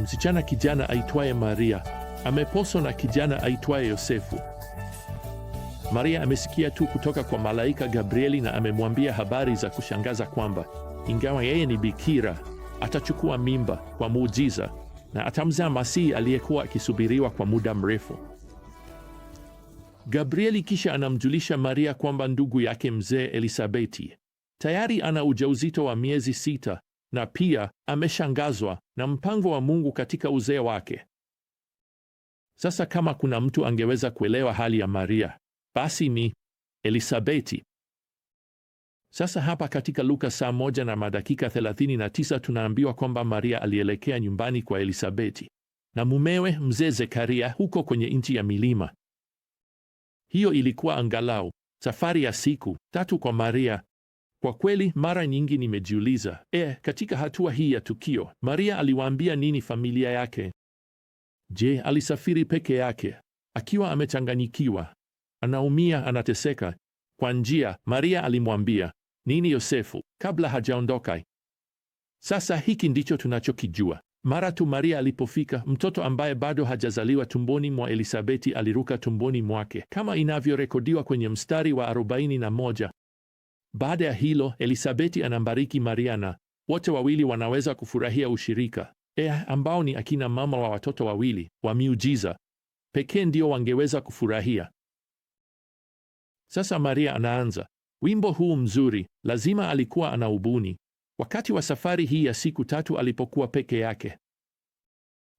msichana kijana aitwaye Maria ameposwa na kijana aitwaye Yosefu. Maria amesikia tu kutoka kwa malaika Gabrieli na amemwambia habari za kushangaza kwamba ingawa yeye ni bikira, atachukua mimba kwa muujiza na atamzaa Masihi aliyekuwa akisubiriwa kwa muda mrefu. Gabrieli kisha anamjulisha Maria kwamba ndugu yake mzee Elisabeti tayari ana ujauzito wa miezi sita na pia ameshangazwa na mpango wa Mungu katika uzee wake. Sasa kama kuna mtu angeweza kuelewa hali ya Maria, basi ni Elisabeti. Sasa hapa katika Luka saa moja na madakika 39 tunaambiwa kwamba Maria alielekea nyumbani kwa Elisabeti na mumewe mzee Zekaria huko kwenye nchi ya milima. Hiyo ilikuwa angalau safari ya siku tatu kwa Maria. Kwa kweli mara nyingi nimejiuliza, e, katika hatua hii ya tukio, Maria aliwaambia nini familia yake? Je, alisafiri peke yake akiwa amechanganyikiwa, anaumia, anateseka? Kwa njia, Maria alimwambia nini Yosefu kabla hajaondoka? Sasa hiki ndicho tunachokijua. Mara tu Maria alipofika, mtoto ambaye bado hajazaliwa tumboni mwa Elisabeti aliruka tumboni mwake, kama inavyorekodiwa kwenye mstari wa 41. Baada ya hilo, Elisabeti anambariki Maria na wote wawili wanaweza kufurahia ushirika eh, ambao ni akina mama wa watoto wawili wa miujiza pekee ndio wangeweza kufurahia. Sasa Maria anaanza wimbo huu mzuri, lazima alikuwa anaubuni wakati wa safari hii ya siku tatu alipokuwa peke yake.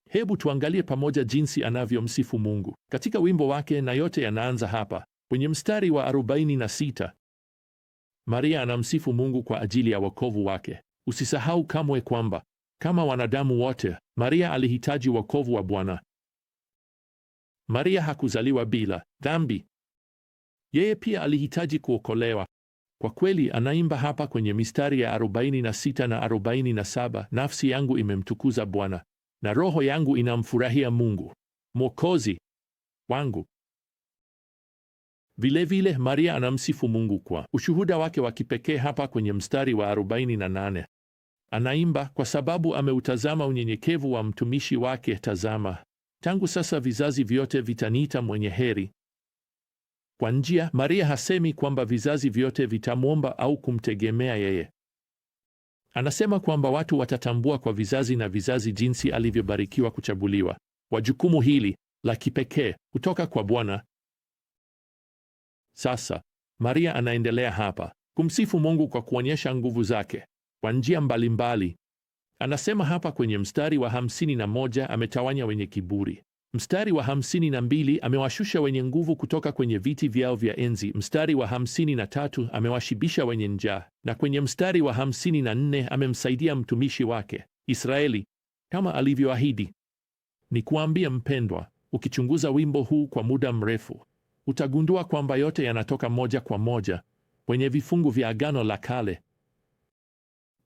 Hebu tuangalie pamoja jinsi anavyomsifu Mungu katika wimbo wake, na yote yanaanza hapa kwenye mstari wa 46. Maria anamsifu Mungu kwa ajili ya wokovu wake. Usisahau kamwe kwamba kama wanadamu wote, Maria alihitaji wokovu wa Bwana. Maria hakuzaliwa bila dhambi. Yeye pia alihitaji kuokolewa. Kwa kweli anaimba hapa kwenye mistari ya 46 na 47, nafsi yangu imemtukuza Bwana na roho yangu inamfurahia Mungu Mwokozi wangu. Vilevile Maria anamsifu Mungu kwa ushuhuda wake wa kipekee hapa kwenye mstari wa 48. Anaimba kwa sababu ameutazama unyenyekevu wa mtumishi wake, tazama, tangu sasa vizazi vyote vitaniita mwenye heri. Kwa njia, Maria hasemi kwamba vizazi vyote vitamwomba au kumtegemea yeye. Anasema kwamba watu watatambua kwa vizazi na vizazi jinsi alivyobarikiwa kuchaguliwa wajukumu jukumu hili la kipekee kutoka kwa Bwana sasa Maria anaendelea hapa kumsifu Mungu kwa kuonyesha nguvu zake kwa njia mbalimbali. Anasema hapa kwenye mstari wa hamsini na moja ametawanya wenye kiburi. Mstari wa hamsini na mbili amewashusha wenye nguvu kutoka kwenye viti vyao vya enzi. Mstari wa hamsini na tatu amewashibisha wenye njaa, na kwenye mstari wa hamsini na nne amemsaidia mtumishi wake Israeli kama alivyoahidi. Ni kuambia mpendwa, ukichunguza wimbo huu kwa muda mrefu, utagundua kwamba yote yanatoka moja kwa moja kwenye vifungu vya Agano la Kale.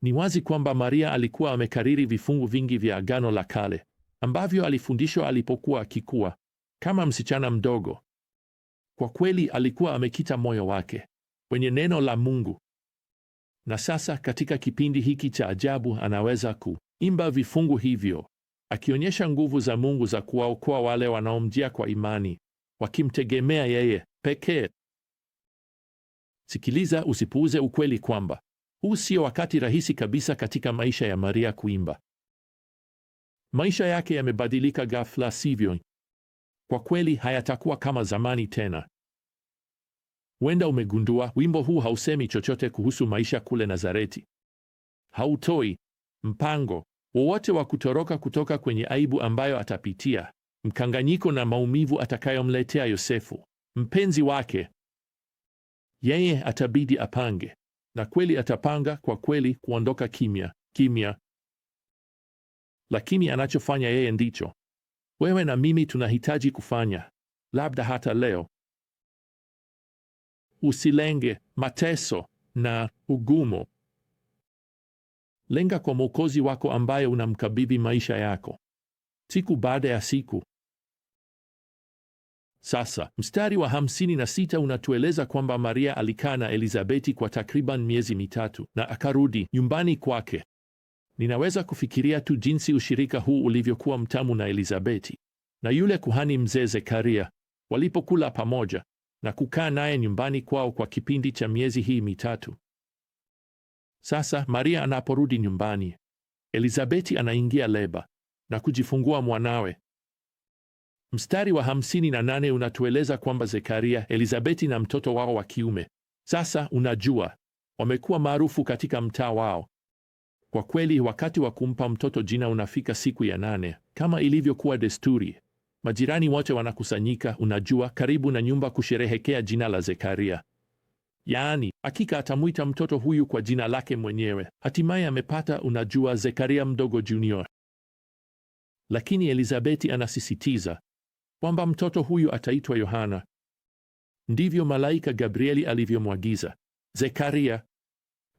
Ni wazi kwamba Maria alikuwa amekariri vifungu vingi vya Agano la Kale ambavyo alifundishwa alipokuwa akikua kama msichana mdogo. Kwa kweli alikuwa amekita moyo wake kwenye neno la Mungu, na sasa katika kipindi hiki cha ajabu anaweza kuimba vifungu hivyo, akionyesha nguvu za Mungu za kuwaokoa wale wanaomjia kwa imani wakimtegemea yeye pekee. Sikiliza, usipuuze ukweli kwamba huu sio wakati rahisi kabisa katika maisha ya Maria kuimba. Maisha yake yamebadilika ghafla, sivyo? Kwa kweli hayatakuwa kama zamani tena. Huenda umegundua wimbo huu hausemi chochote kuhusu maisha kule Nazareti. Hautoi mpango wowote wa kutoroka kutoka kwenye aibu ambayo atapitia mkanganyiko na maumivu atakayomletea Yosefu mpenzi wake. Yeye atabidi apange, na kweli atapanga kwa kweli kuondoka kimya kimya, lakini anachofanya yeye ndicho wewe na mimi tunahitaji kufanya, labda hata leo. Usilenge mateso na ugumu. Lenga kwa Mwokozi wako ambaye unamkabidhi maisha yako siku baada ya siku. Sasa mstari wa hamsini na sita unatueleza kwamba Maria alikaa na Elizabeti kwa takriban miezi mitatu na akarudi nyumbani kwake. Ninaweza kufikiria tu jinsi ushirika huu ulivyokuwa mtamu na Elizabeti na yule kuhani mzee Zekaria walipokula pamoja na kukaa naye nyumbani kwao kwa kipindi cha miezi hii mitatu. Sasa Maria anaporudi nyumbani, Elizabeti anaingia leba na kujifungua mwanawe. Mstari wa hamsini na nane unatueleza kwamba Zekaria, Elizabeti na mtoto wao wa kiume sasa, unajua, wamekuwa maarufu katika mtaa wao. Kwa kweli, wakati wa kumpa mtoto jina unafika siku ya nane. Kama ilivyokuwa desturi, majirani wote wanakusanyika, unajua, karibu na nyumba kusherehekea jina la Zekaria. Yaani, hakika atamwita mtoto huyu kwa jina lake mwenyewe. Hatimaye amepata, unajua, Zekaria mdogo junior. Lakini Elizabeti anasisitiza, kwamba mtoto huyu ataitwa Yohana. Ndivyo malaika Gabrieli alivyomwagiza Zekaria.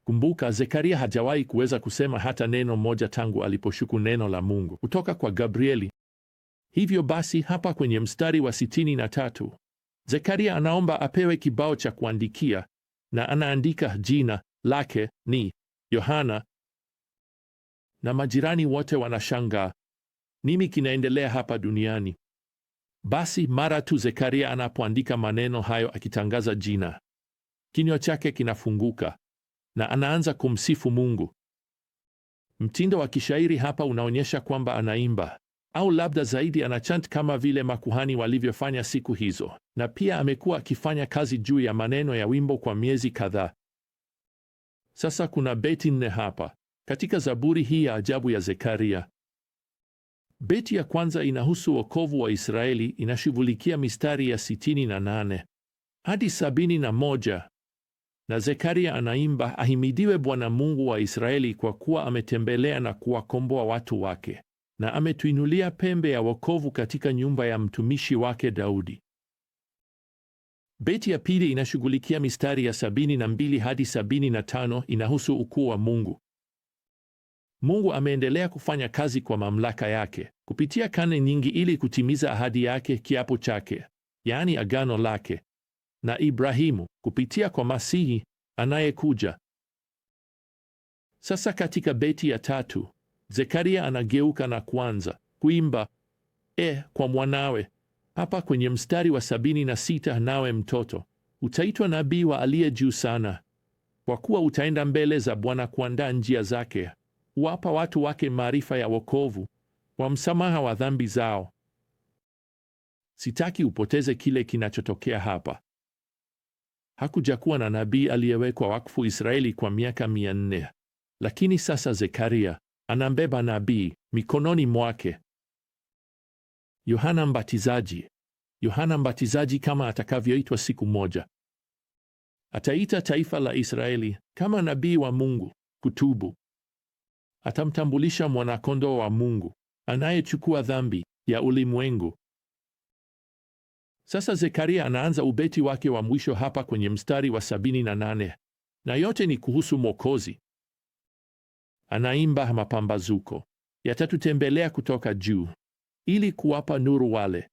Kumbuka, Zekaria hajawahi kuweza kusema hata neno moja tangu aliposhuku neno la Mungu kutoka kwa Gabrieli. Hivyo basi, hapa kwenye mstari wa sitini na tatu Zekaria anaomba apewe kibao cha kuandikia na anaandika jina lake ni Yohana, na majirani wote wanashangaa nimi kinaendelea hapa duniani. Basi mara tu Zekaria anapoandika maneno hayo akitangaza jina, kinywa chake kinafunguka na anaanza kumsifu Mungu. Mtindo wa kishairi hapa unaonyesha kwamba anaimba au labda zaidi anachant kama vile makuhani walivyofanya siku hizo, na pia amekuwa akifanya kazi juu ya maneno ya wimbo kwa miezi kadhaa. Sasa kuna beti nne hapa katika Zaburi hii ya ajabu ya Zekaria. Beti ya kwanza inahusu wokovu wa Israeli, inashughulikia mistari ya sitini na nane hadi sabini na moja na Zekaria anaimba ahimidiwe Bwana Mungu wa Israeli, kwa kuwa ametembelea na kuwakomboa watu wake na ametuinulia pembe ya wokovu katika nyumba ya mtumishi wake Daudi. Beti ya pili inashughulikia mistari ya sabini na mbili hadi sabini na tano inahusu ukuu wa Mungu Mungu ameendelea kufanya kazi kwa mamlaka yake kupitia karne nyingi ili kutimiza ahadi yake, kiapo chake, yaani agano lake na Ibrahimu kupitia kwa Masihi anayekuja. Sasa katika beti ya tatu, Zekaria anageuka na kuanza kuimba e kwa mwanawe. Hapa kwenye mstari wa sabini na sita, nawe mtoto utaitwa nabii wa aliye juu sana, kwa kuwa utaenda mbele za Bwana kuandaa njia zake huwapa watu wake maarifa ya wokovu kwa msamaha wa dhambi zao. Sitaki upoteze kile kinachotokea hapa. Hakujakuwa na nabii aliyewekwa wakfu Israeli kwa miaka mia nne, lakini sasa Zekaria anambeba nabii mikononi mwake, Yohana Mbatizaji. Yohana Mbatizaji kama atakavyoitwa siku moja, ataita taifa la Israeli kama nabii wa Mungu kutubu atamtambulisha mwanakondoo wa Mungu anayechukua dhambi ya ulimwengu. Sasa Zekaria anaanza ubeti wake wa mwisho hapa kwenye mstari wa sabini na nane na yote ni kuhusu Mwokozi. Anaimba, mapambazuko yatatutembelea kutoka juu, ili kuwapa nuru wale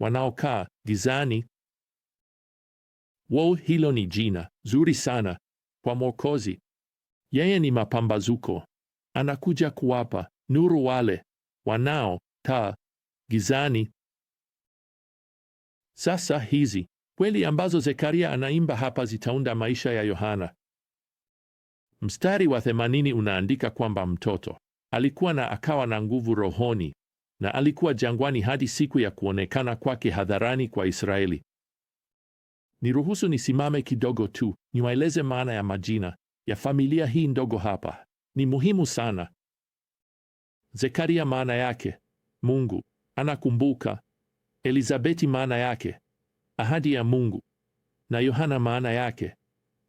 wanaokaa gizani. Wow, hilo ni jina zuri sana kwa Mwokozi. Yeye ni mapambazuko anakuja kuwapa nuru wale wanaotaa gizani. Sasa hizi kweli ambazo Zekaria anaimba hapa zitaunda maisha ya Yohana. Mstari wa themanini unaandika kwamba mtoto alikuwa na akawa na nguvu rohoni na alikuwa jangwani hadi siku ya kuonekana kwake hadharani kwa Israeli. Niruhusu nisimame kidogo tu niwaeleze maana ya majina ya familia hii ndogo hapa ni muhimu sana. Zekaria maana yake Mungu anakumbuka. Elizabeti maana yake ahadi ya Mungu, na Yohana maana yake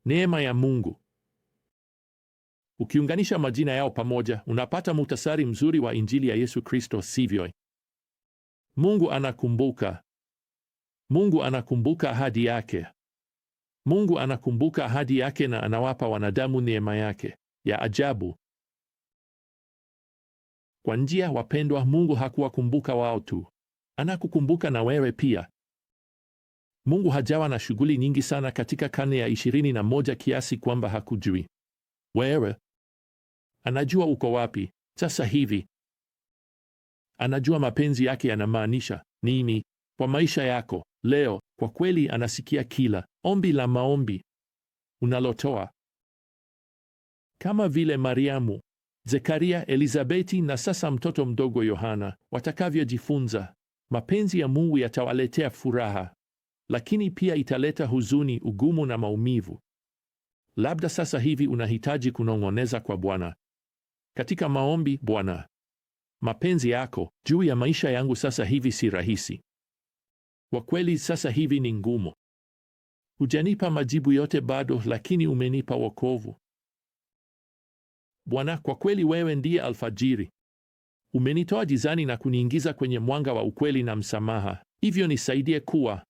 neema ya Mungu. Ukiunganisha majina yao pamoja, unapata muhtasari mzuri wa Injili ya Yesu Kristo, sivyo? Mungu anakumbuka. Mungu anakumbuka ahadi yake. Mungu anakumbuka ahadi yake na anawapa wanadamu neema yake ya ajabu. Kwa njia, wapendwa, Mungu hakuwakumbuka wao tu, anakukumbuka na wewe pia. Mungu hajawa na shughuli nyingi sana katika karne ya ishirini na moja kiasi kwamba hakujui wewe. Anajua uko wapi sasa hivi, anajua mapenzi yake yanamaanisha nini kwa maisha yako leo. Kwa kweli, anasikia kila ombi la maombi unalotoa kama vile Mariamu, Zekaria, Elizabeti na sasa mtoto mdogo Yohana watakavyojifunza. Mapenzi ya Mungu yatawaletea furaha, lakini pia italeta huzuni, ugumu na maumivu. Labda sasa hivi unahitaji kunong'oneza kwa Bwana katika maombi: Bwana, mapenzi yako juu ya maisha yangu sasa hivi si rahisi. Kwa kweli, sasa hivi ni ngumu. Hujanipa majibu yote bado, lakini umenipa wokovu. Bwana, kwa kweli wewe ndiye alfajiri. Umenitoa gizani na kuniingiza kwenye mwanga wa ukweli na msamaha. Hivyo nisaidie kuwa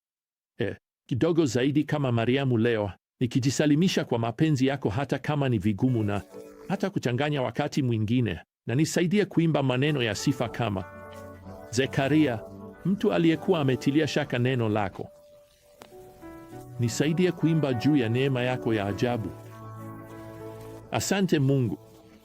eh, kidogo zaidi kama Mariamu leo, nikijisalimisha kwa mapenzi yako, hata kama ni vigumu na hata kuchanganya wakati mwingine, na nisaidie kuimba maneno ya sifa kama Zekaria, mtu aliyekuwa ametilia shaka neno lako. Nisaidie kuimba juu ya neema yako ya ajabu. Asante Mungu